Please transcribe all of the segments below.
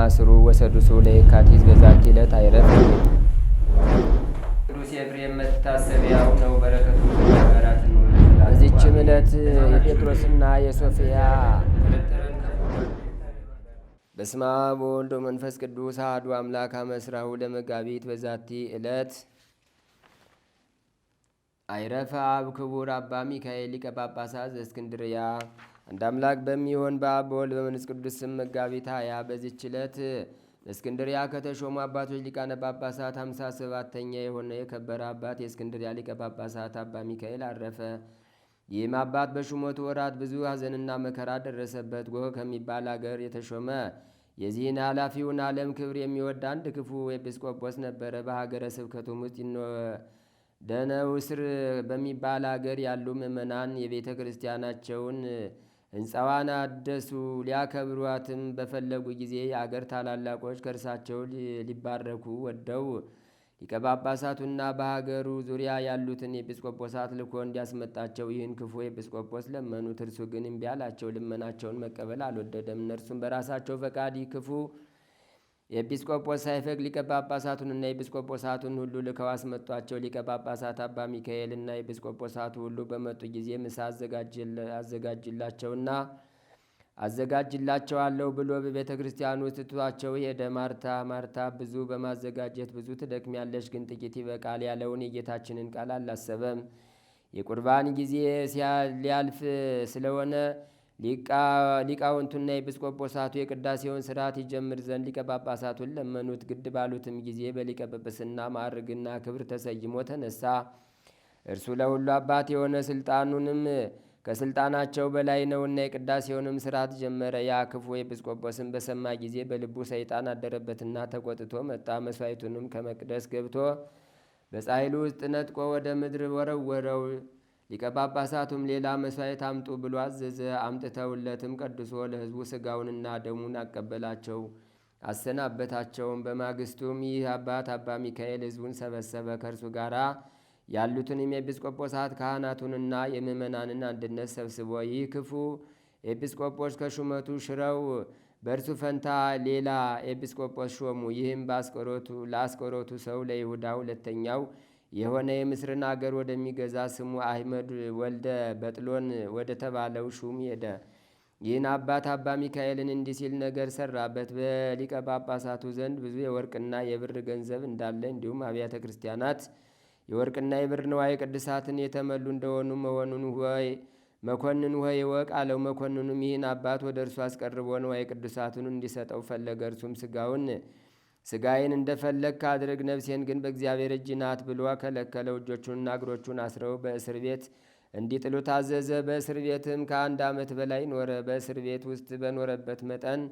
ማስሩ ወሰዱሱ ለየካቲት በዛቲ ዕለት አይረፍ። ቅዱስ ኤፍሬም መታሰቢያው ነው። በረከቱ በዚችም ዕለት የጴጥሮስና የሶፊያ በስመ አብ ወወልድ ወመንፈስ ቅዱስ አሐዱ አምላክ አመስራሁ ለመጋቢት በዛቲ ዕለት አይረፈ አብ ክቡር አባ ሚካኤል ሊቀ ጳጳሳት ዘእስክንድርያ አንድ አምላክ በሚሆን በአብ በወልድ በመንፈስ ቅዱስ ስም መጋቢት ሃያ በዚች ዕለት እስክንድሪያ ከተሾሙ አባቶች ሊቃነ ጳጳሳት ሃምሳ ሰባተኛ የሆነ የከበረ አባት የእስክንድሪያ ሊቀ ጳጳሳት አባ ሚካኤል አረፈ። ይህም አባት በሹመቱ ወራት ብዙ ሐዘንና መከራ ደረሰበት። ጎህ ከሚባል አገር የተሾመ የዚህን ኃላፊውን ዓለም ክብር የሚወድ አንድ ክፉ ኤጲስቆጶስ ነበረ። በሀገረ ስብከቱም ውስጥ ደነውስር በሚባል አገር ያሉ ምእመናን የቤተ ክርስቲያናቸውን ሕንፃዋን አደሱ። ሊያከብሯትም በፈለጉ ጊዜ የአገር ታላላቆች ከእርሳቸው ሊባረኩ ወደው ሊቀ ጳጳሳቱና በሀገሩ ዙሪያ ያሉትን ኤጲስቆጶሳት ልኮ እንዲያስመጣቸው ይህን ክፉ ኤጲስቆጶስ ለመኑት። እርሱ ግን እምቢ አላቸው። ልመናቸውን መቀበል አልወደደም። እነርሱም በራሳቸው ፈቃድ ክፉ የኤጲስቆጶስ ሳይፈግ ሊቀ ጳጳሳቱንና ሁሉ ልከው አስመጧቸው። ሊቀ ጳጳሳት አባ ሚካኤልና ኤጲስቆጶሳቱ ሁሉ በመጡ ጊዜ ምሳ አዘጋጅላቸውና አዘጋጅላቸዋለሁ ብሎ በቤተ ክርስቲያን ውስጥ ትቷቸው ሄደ። ማርታ ማርታ ብዙ በማዘጋጀት ብዙ ትደክሚያለሽ፣ ግን ጥቂት ይበቃል ያለውን የጌታችንን ቃል አላሰበም። የቁርባን ጊዜ ሊያልፍ ስለሆነ ሊቃውንቱና ኤጲስቆጶሳቱ የቅዳሴውን ስርዓት ይጀምር ዘንድ ሊቀ ጳጳሳቱን ለመኑት። ግድ ባሉትም ጊዜ በሊቀ ጵጵስና ማዕርግና ክብር ተሰይሞ ተነሳ። እርሱ ለሁሉ አባት የሆነ ስልጣኑንም ከስልጣናቸው በላይ ነውና የቅዳሴውንም ስርዓት ጀመረ። ያ ክፉ ኤጲስቆጶስን በሰማ ጊዜ በልቡ ሰይጣን አደረበትና ተቆጥቶ መጣ። መሥዋዕቱንም ከመቅደስ ገብቶ በጻሕሉ ውስጥ ነጥቆ ወደ ምድር ወረወረው። ሊቀ ጳጳሳቱም ሌላ መስዋዕት አምጡ ብሎ አዘዘ። አምጥተውለትም ቀድሶ ለሕዝቡ ስጋውንና ደሙን አቀበላቸው፣ አሰናበታቸውም። በማግስቱም ይህ አባት አባ ሚካኤል ሕዝቡን ሰበሰበ። ከእርሱ ጋራ ያሉትን የኤጲስቆጶሳት ካህናቱንና የምእመናንን አንድነት ሰብስቦ ይህ ክፉ ኤጲስቆጶስ ከሹመቱ ሽረው በእርሱ ፈንታ ሌላ ኤጲስቆጶስ ሾሙ። ይህም ለአስቆሮቱ ሰው ለይሁዳ ሁለተኛው የሆነ የምስርን አገር ወደሚገዛ ስሙ አህመድ ወልደ በጥሎን ወደ ተባለው ሹም ሄደ። ይህን አባት አባ ሚካኤልን እንዲህ ሲል ነገር ሰራበት። በሊቀ ጳጳሳቱ ዘንድ ብዙ የወርቅና የብር ገንዘብ እንዳለ እንዲሁም አብያተ ክርስቲያናት የወርቅና የብር ንዋየ ቅድሳትን የተመሉ እንደሆኑ መሆኑን ወይ መኮንን ወይ ወቅ አለው። መኮንኑም ይህን አባት ወደ እርሱ አስቀርቦ ንዋየ ቅድሳቱን እንዲሰጠው ፈለገ። እርሱም ስጋውን ስጋዬን እንደፈለግክ አድርግ፣ ነፍሴን ግን በእግዚአብሔር እጅ ናት ብሎ ከለከለው። እጆቹንና እግሮቹን አስረው በእስር ቤት እንዲጥሉ ታዘዘ። በእስር ቤትም ከአንድ ዓመት በላይ ኖረ። በእስር ቤት ውስጥ በኖረበት መጠን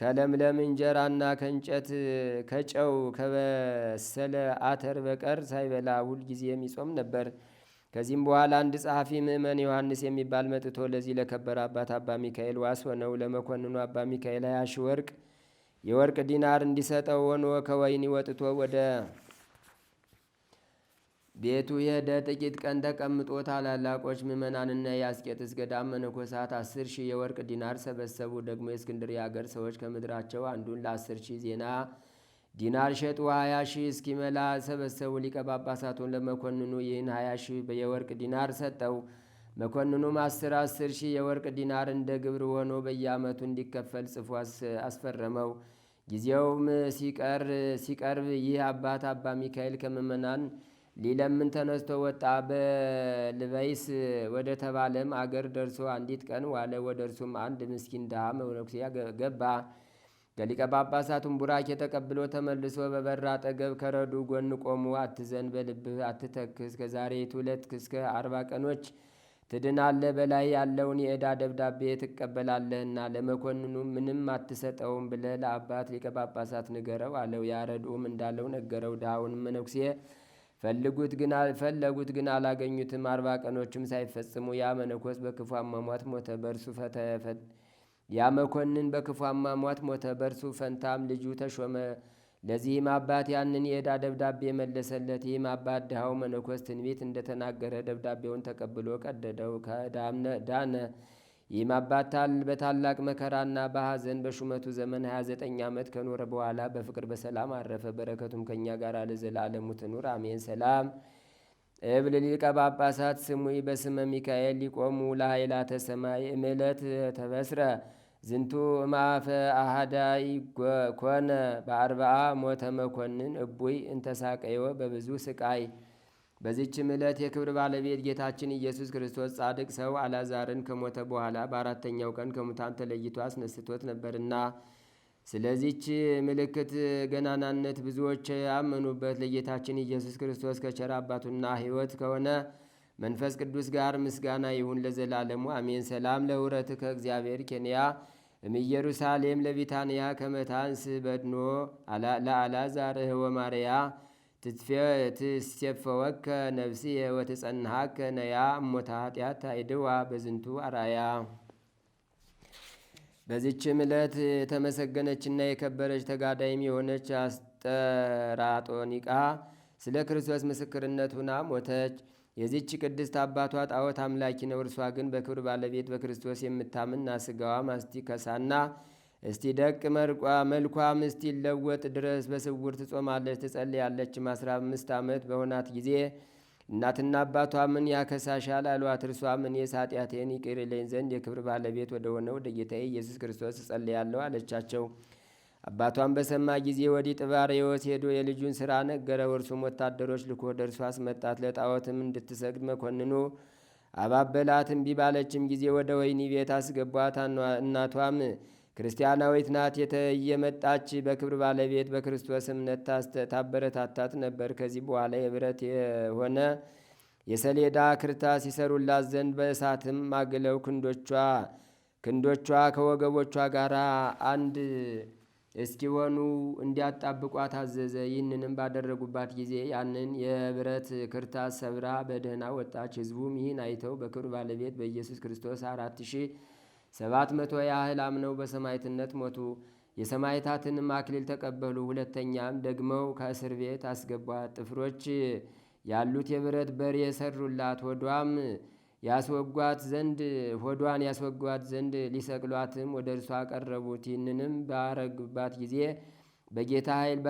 ከለምለም እንጀራና ከእንጨት ከጨው ከበሰለ አተር በቀር ሳይበላ ጊዜ የሚጾም ነበር። ከዚህም በኋላ አንድ ጸሐፊ ምእመን ዮሐንስ የሚባል መጥቶ ለዚህ ለከበረ አባት አባ ሚካኤል ዋስ ሆነው ለመኮንኑ አባ ሚካኤል ሀያ ወርቅ የወርቅ ዲናር እንዲሰጠው ሆኖ ከወህኒ ወጥቶ ወደ ቤቱ የሄደ ጥቂት ቀን ተቀምጦ ታላላቆች ምዕመናንና የአስቄጥስ ገዳም መነኮሳት አስር ሺህ የወርቅ ዲናር ሰበሰቡ። ደግሞ የእስክንድርያ አገር ሰዎች ከምድራቸው አንዱን ለአስር ሺህ ዜና ዲናር ሸጡ። ሀያ ሺህ እስኪመላ ሰበሰቡ። ሊቀ ጳጳሳቱን ለመኮንኑ ይህን ሀያ ሺህ የወርቅ ዲናር ሰጠው። መኮንኑም አስር አስር ሺህ የወርቅ ዲናር እንደ ግብር ሆኖ በየዓመቱ እንዲከፈል ጽፎ አስፈረመው። ጊዜውም ሲቀርብ ይህ አባት አባ ሚካኤል ከምዕመናን ሊለምን ተነስቶ ወጣ። በልበይስ ወደ ተባለም አገር ደርሶ አንዲት ቀን ዋለ። ወደ እርሱም አንድ ምስኪን ድሃ መነኩሴ ገባ። ከሊቀ ጳጳሳቱን ቡራኬ ተቀብሎ ተመልሶ በበር አጠገብ ከረዱ ጎን ቆሞ አትዘን፣ በልብህ አትተክስ ከዛሬ ዕለት እስከ አርባ ቀኖች ትድናለህ፣ በላይ ያለውን የዕዳ ደብዳቤ ትቀበላለህና ለመኮንኑ ምንም አትሰጠውም ብለህ ለአባት ሊቀ ጳጳሳት ንገረው አለው። ያረድኡም እንዳለው ነገረው። ድሃውንም መነኩሴ ፈልጉት ግን ፈለጉት ግን አላገኙትም። አርባ ቀኖችም ሳይፈጽሙ ያ መነኮስ በክፉ አሟሟት ሞተ። በእርሱ ያ መኮንን በክፉ አሟሟት ሞተ። በእርሱ ፈንታም ልጁ ተሾመ። ለዚህም አባት ያንን የዕዳ ደብዳቤ መለሰለት። ይህም አባት ድሃው መነኮስ ትንቢት እንደተናገረ ደብዳቤውን ተቀብሎ ቀደደው፣ ከዕዳም ዳነ። ይህም አባት በታላቅ መከራና በሐዘን በሹመቱ ዘመን 29 ዓመት ከኖረ በኋላ በፍቅር በሰላም አረፈ። በረከቱም ከእኛ ጋር ለዘላለሙ ትኑር አሜን። ሰላም እብል ሊቀ ጳጳሳት ስሙይ በስመ ሚካኤል ሊቆሙ ለኃይላተ ሰማይ እምዕለት ተበስረ ዝንቱ እማፈ አሃዳይ ኮነ በአርባአ ሞተ መኮንን እቡይ እንተሳቀዮ በብዙ ስቃይ። በዚችም ዕለት የክብር ባለቤት ጌታችን ኢየሱስ ክርስቶስ ጻድቅ ሰው አላዛርን ከሞተ በኋላ በአራተኛው ቀን ከሙታን ተለይቶ አስነስቶት ነበርና ስለዚች ምልክት ገናናነት ብዙዎች ያመኑበት ለጌታችን ኢየሱስ ክርስቶስ ከቸር አባቱና ሕይወት ከሆነ መንፈስ ቅዱስ ጋር ምስጋና ይሁን ለዘላለሙ አሜን። ሰላም ለውረት ከእግዚአብሔር ኬንያ እምኢየሩሳሌም ለቢታንያ ከመታንስ በድኖ ለአላዛር ህወ ማርያ ትሴፈወከ ነፍስየ ነያ እሞታ ኃጢአት አይድዋ በዝንቱ አራያ። በዚችም ዕለት የተመሰገነችና የከበረች ተጋዳይም የሆነች አስጠራጦኒቃ ስለ ክርስቶስ ምስክርነት ሁና ሞተች። የዚህች ቅድስት አባቷ ጣዖት አምላኪ ነው። እርሷ ግን በክብር ባለቤት በክርስቶስ የምታምን ናስጋዋም ከሳና እስቲ ደቅ መርቋ መልኳም ለወጥ ድረስ በስውር ትጾማለች፣ ትጸልያለችም። አስራ አምስት ዓመት በሆናት ጊዜ እናትና አባቷ ምን ያከሳሻል አሏት። እርሷ ምን ኃጢአቴን ይቅር ይለኝ ዘንድ የክብር ባለቤት ወደሆነ ወደ ጌታዬ ኢየሱስ ክርስቶስ እጸልያለሁ አለቻቸው። አባቷን በሰማ ጊዜ ወዲህ ጢባርዮስ ሄዶ የልጁን ስራ ነገረው። እርሱም ወታደሮች ልኮ ደርሶ አስመጣት። ለጣዖትም እንድትሰግድ መኮንኑ አባበላት። እምቢ ባለችም ጊዜ ወደ ወይኒ ቤት አስገቧት። እናቷም ክርስቲያናዊት ናት። የተየመጣች በክብር ባለቤት በክርስቶስ እምነት ታበረታታት ነበር። ከዚህ በኋላ የብረት የሆነ የሰሌዳ ክርታስ ይሰሩላት ዘንድ በእሳትም አግለው ክንዶቿ ክንዶቿ ከወገቦቿ ጋር አንድ እስኪሆኑ እንዲያጣብቋ ታዘዘ ይህንንም ባደረጉባት ጊዜ ያንን የብረት ክርታስ ሰብራ በደህና ወጣች። ሕዝቡም ይህን አይተው በክብር ባለቤት በኢየሱስ ክርስቶስ አራት ሺህ ሰባት መቶ ያህል አምነው በሰማይትነት ሞቱ። የሰማይታትንም አክሊል ተቀበሉ። ሁለተኛም ደግመው ከእስር ቤት አስገቧት። ጥፍሮች ያሉት የብረት በር የሰሩላት ወዷም ያስወጓት ዘንድ ሆዷን ያስወጓት ዘንድ ሊሰቅሏትም ወደ እርሷ አቀረቡት። ይህንንም ባረግባት ጊዜ በጌታ ኃይል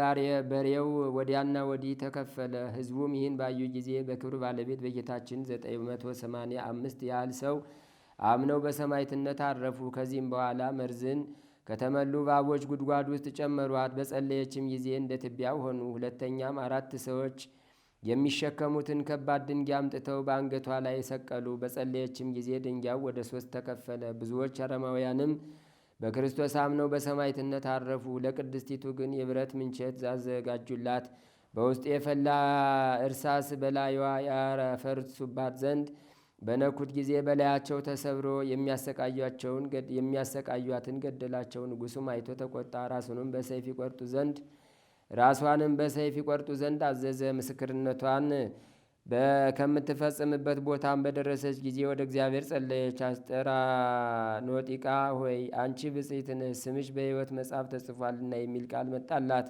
በሬው ወዲያና ወዲህ ተከፈለ። ህዝቡም ይህን ባዩ ጊዜ በክብር ባለቤት በጌታችን 985 ያህል ሰው አምነው በሰማዕትነት አረፉ። ከዚህም በኋላ መርዝን ከተመሉ እባቦች ጉድጓድ ውስጥ ጨመሯት። በጸለየችም ጊዜ እንደ ትቢያው ሆኑ። ሁለተኛም አራት ሰዎች የሚሸከሙትን ከባድ ድንጋይ አምጥተው በአንገቷ ላይ ሰቀሉ። በጸለየችም ጊዜ ድንጋዩ ወደ ሶስት ተከፈለ። ብዙዎች አረማውያንም በክርስቶስ አምነው በሰማይትነት አረፉ። ለቅድስቲቱ ግን የብረት ምንቸት አዘጋጁላት። በውስጡ የፈላ እርሳስ በላይዋ ያረፈርሱባት ዘንድ በነኩት ጊዜ በላያቸው ተሰብሮ የሚያሰቃያቸውን የሚያሰቃዩትን ገደላቸው። ንጉሡም አይቶ ተቆጣ። ራሱንም በሰይፍ ይቆርጡ ዘንድ ራሷንም በሰይፍ ይቆርጡ ዘንድ አዘዘ። ምስክርነቷን ከምትፈጽምበት ቦታም በደረሰች ጊዜ ወደ እግዚአብሔር ጸለየች። ኖጢቃ ሆይ አንቺ ብጽትን ስምሽ በሕይወት መጽሐፍ ተጽፏልና የሚል ቃል መጣላት።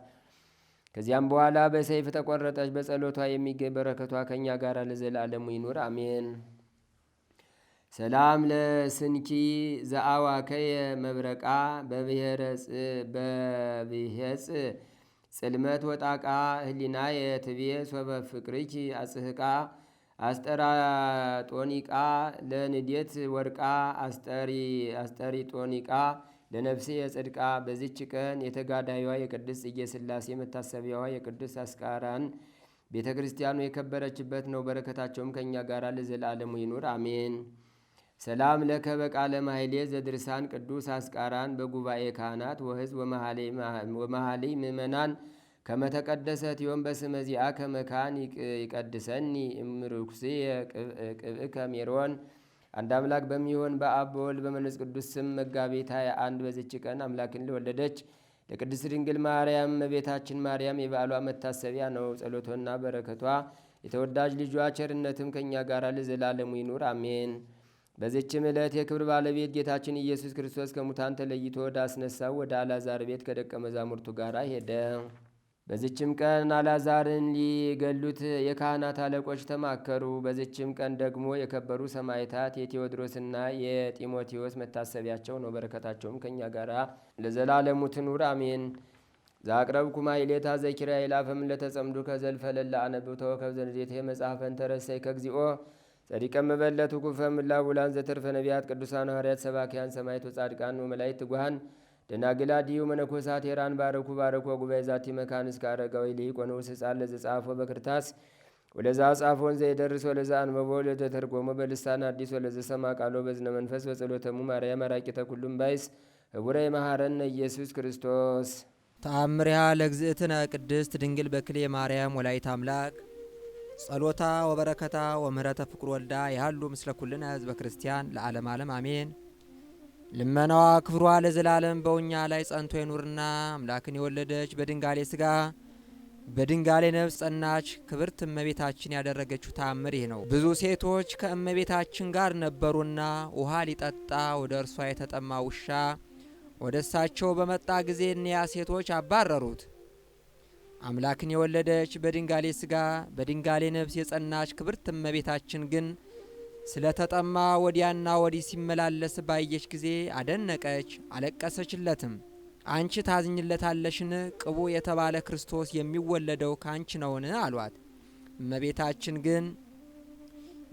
ከዚያም በኋላ በሰይፍ ተቆረጠች። በጸሎቷ የሚገኝ በረከቷ ከእኛ ጋር ለዘላለሙ ይኑር አሜን። ሰላም ለስንኪ ዘአዋከየ መብረቃ በብሔረጽ ጽልመት ወጣቃ ህሊና የትቤ ሶበ ፍቅርኪ አጽህቃ አስጠራጦኒቃ ለንዴት ወርቃ አስጠሪጦኒቃ ለነፍሴ የጽድቃ በዚች ቀን የተጋዳዩዋ የቅድስት ጽጌ ስላሴ መታሰቢያዋ የቅዱስ አስቃራን ቤተ ክርስቲያኑ የከበረችበት ነው። በረከታቸውም ከእኛ ጋር ለዘላለሙ ይኑር አሜን። ሰላም ለከ በቃለ ማይሌ ዘድርሳን ቅዱስ አስቃራን በጉባኤ ካህናት ወህዝ ወመሃሌ ምእመናን ከመተቀደሰ ዮም በስመዚአ ከመካን ይቀድሰኒ እምርኩሴ ቅብእ ከሜሮን። አንድ አምላክ በሚሆን በአብ በወልድ በመንፈስ ቅዱስ ስም መጋቢት ሃያ አንድ በዚች ቀን አምላክን ለወለደች ለቅድስት ድንግል ማርያም እመቤታችን ማርያም የበዓሏ መታሰቢያ ነው። ጸሎቷና በረከቷ የተወዳጅ ልጇ ቸርነትም ከእኛ ጋር ለዘላለሙ ይኑር አሜን። በዚችም ዕለት የክብር ባለቤት ጌታችን ኢየሱስ ክርስቶስ ከሙታን ተለይቶ ወደ አስነሳው ወደ አላዛር ቤት ከደቀ መዛሙርቱ ጋር ሄደ። በዚችም ቀን አላዛርን ሊገሉት የካህናት አለቆች ተማከሩ። በዚችም ቀን ደግሞ የከበሩ ሰማዕታት የቴዎድሮስና የጢሞቴዎስ መታሰቢያቸው ነው። በረከታቸውም ከእኛ ጋር ለዘላለሙ ትኑር አሜን። ኩማ ማሕሌታ ዘኪራ ይላፈም ለተጸምዱ ከዘልፈለላ አነብብተወ ከብዘንዜቴ መጽሐፈን ተረሰይ ከግዚኦ ጸዲቀ መበለት ውቁፈ ምላ ቡላን ዘተርፈ ነቢያት ቅዱሳን ሐዋርያት ሰባኪያን ሰማይቶ ጻድቃን ወመላእክት ትጉሃን ደናግላ ዲዩ መነኮሳት ሄራን ባረኩ ባረኩ ጉባኤ ዛቲ መካንስ እስከ አረጋዊ ሊቆን ውስ ዘጻፎ በክርታስ ወለዛ ጻፎን ዘይደርስ ወለዛ አንበቦ ለተተርጎሞ በልሳን አዲስ ወለዘ ሰማ ቃሎ በዝነ መንፈስ ወጸሎተሙ ማርያም አራቂተ ኩሉም ባይስ ህቡረ መሐረነ ኢየሱስ ክርስቶስ ተአምሪሃ ለእግዝእትነ ቅድስት ድንግል በክሌ ማርያም ወላይት አምላክ ጸሎታ ወበረከታ ወምህረተ ፍቅር ወልዳ ያሉ ምስለ ኩልነ ህዝበ ክርስቲያን ለዓለም ዓለም አሜን። ልመናዋ ክብሯ ለዘላለም በውኛ ላይ ጸንቶ ይኑርና አምላክን የወለደች በድንጋሌ ስጋ በድንጋሌ ነፍስ ጸናች ክብርት እመቤታችን ያደረገችው ታምር ይህ ነው። ብዙ ሴቶች ከእመቤታችን ጋር ነበሩና ውሃ ሊጠጣ ወደ እርሷ የተጠማ ውሻ ወደ እሳቸው በመጣ ጊዜ እኒያ ሴቶች አባረሩት። አምላክን የወለደች በድንጋሌ ስጋ በድንጋሌ ነፍስ የጸናች ክብርት እመቤታችን ግን ስለተጠማ ወዲያና ወዲህ ሲመላለስ ባየች ጊዜ አደነቀች፣ አለቀሰችለትም። አንቺ ታዝኝለታለሽን? ቅቡ የተባለ ክርስቶስ የሚወለደው ካንቺ ነውን? አሏት። እመቤታችን ግን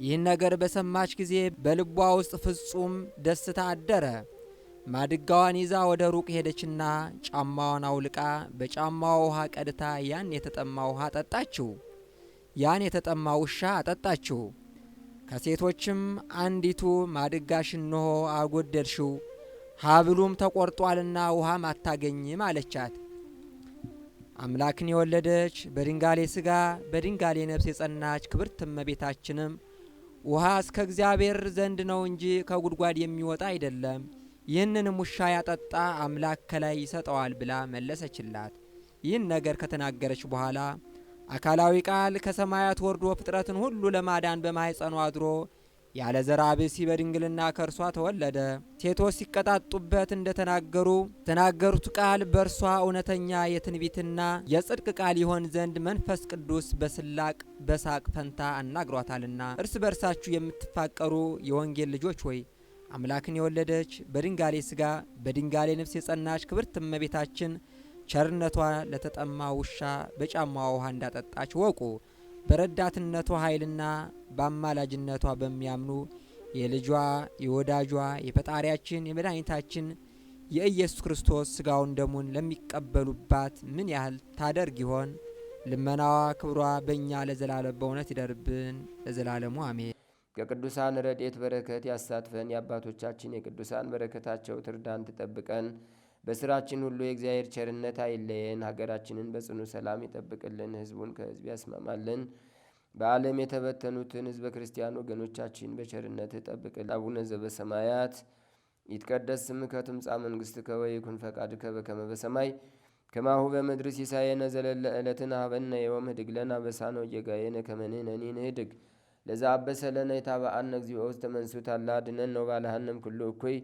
ይህን ነገር በሰማች ጊዜ በልቧ ውስጥ ፍጹም ደስታ አደረ። ማድጋዋን ይዛ ወደ ሩቅ ሄደችና ጫማዋን አውልቃ በጫማዋ ውሃ ቀድታ ያን የተጠማ ውሃ አጠጣችው። ያን የተጠማ ውሻ አጠጣችው። ከሴቶችም አንዲቱ ማድጋሽ እንሆ አጎደልሽው፣ ሀብሉም ተቆርጧልና ውሃም አታገኝም አለቻት። አምላክን የወለደች በድንጋሌ ስጋ በድንጋሌ ነፍስ የጸናች ክብርት እመቤታችንም ውሃ እስከ እግዚአብሔር ዘንድ ነው እንጂ ከጉድጓድ የሚወጣ አይደለም ይህንንም ውሻ ያጠጣ አምላክ ከላይ ይሰጠዋል ብላ መለሰችላት። ይህን ነገር ከተናገረች በኋላ አካላዊ ቃል ከሰማያት ወርዶ ፍጥረትን ሁሉ ለማዳን በማኅፀኗ አድሮ ያለ ዘር አብሲ በድንግልና ከእርሷ ተወለደ። ሴቶች ሲቀጣጡበት እንደ ተናገሩ ተናገሩት ቃል በእርሷ እውነተኛ የትንቢትና የጽድቅ ቃል ይሆን ዘንድ መንፈስ ቅዱስ በስላቅ በሳቅ ፈንታ አናግሯታልና እርስ በርሳችሁ የምትፋቀሩ የወንጌል ልጆች ሆይ አምላክን የወለደች በድንጋሌ ስጋ በድንጋሌ ነፍስ የጸናች ክብርት እመቤታችን ቸርነቷ ለተጠማ ውሻ በጫማዋ ውሃ እንዳጠጣች ወቁ። በረዳትነቷ ኃይልና በአማላጅነቷ በሚያምኑ የልጇ የወዳጇ የፈጣሪያችን የመድኃኒታችን የኢየሱስ ክርስቶስ ስጋውን ደሙን ለሚቀበሉባት ምን ያህል ታደርግ ይሆን? ልመናዋ ክብሯ በእኛ ለዘላለም በእውነት ይደርብን፣ ለዘላለሙ አሜን። ከቅዱሳን ረድኤት በረከት ያሳትፈን። የአባቶቻችን የቅዱሳን በረከታቸው ትርዳን፣ ትጠብቀን። በስራችን ሁሉ የእግዚአብሔር ቸርነት አይለየን። ሀገራችንን በጽኑ ሰላም ይጠብቅልን፣ ህዝቡን ከህዝብ ያስማማልን። በዓለም የተበተኑትን ህዝበ ክርስቲያን ወገኖቻችን በቸርነት ይጠብቅልን። አቡነ ዘበሰማያት ይትቀደስ ስምከ ትምጻእ መንግሥትከ ወይኩን ፈቃድከ በከመ በሰማይ ከማሁ በምድር ሲሳየነ ዘለለ ዕለትነ ሀበነ ዮም ህድግ ለነ አበሳነ ወጌጋየነ ከመ ንሕነኒ ንህድግ ለዛ አበሰለነ የታባአነ እግዚኦ ውስጥ አላ ድነን ነው ባልሃንም ኩሉ እኩይ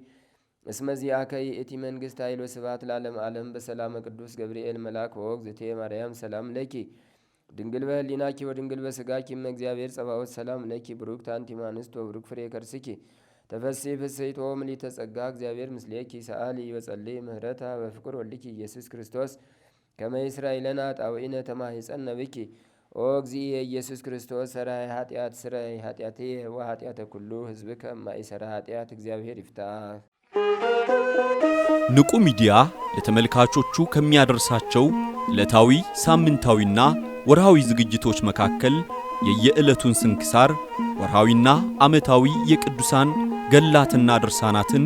እስመዚያ ከይ እቲ መንግስት ኃይሎ ስብሐት ለዓለም ዓለም በሰላም ቅዱስ ገብርኤል መልአክ ወወግ ዝቴ ማርያም ሰላም ለኪ ድንግል በህሊናኪ ወድንግል በስጋኪ እመ እግዚአብሔር ጸባኦት ሰላም ለኪ ብሩክ አንቲ እምአንስት ወብሩክ ፍሬ ከርስኪ ተፈሥሒ ፍሥሕት ወምልዕተ ተጸጋ እግዚአብሔር ምስሌኪ ሰአሊ ወጸልይ ምህረታ በፍቅር ወልኪ ኢየሱስ ክርስቶስ ከመ እስራኤልና ጣውኢነ ኃጣውኢነ ነብኪ ኦ እግዚእ ኢየሱስ ክርስቶስ ሰራይ ኃጢአት ስራይ ኃጢአቴ ወኃጢአተ ኩሉ ህዝብ ከማይሰራ ኃጢአት እግዚአብሔር ይፍታ። ንቁ ሚዲያ ለተመልካቾቹ ከሚያደርሳቸው ዕለታዊ ሳምንታዊና ወርሃዊ ዝግጅቶች መካከል የየዕለቱን ስንክሳር ወርሃዊና ዓመታዊ የቅዱሳን ገላትና ድርሳናትን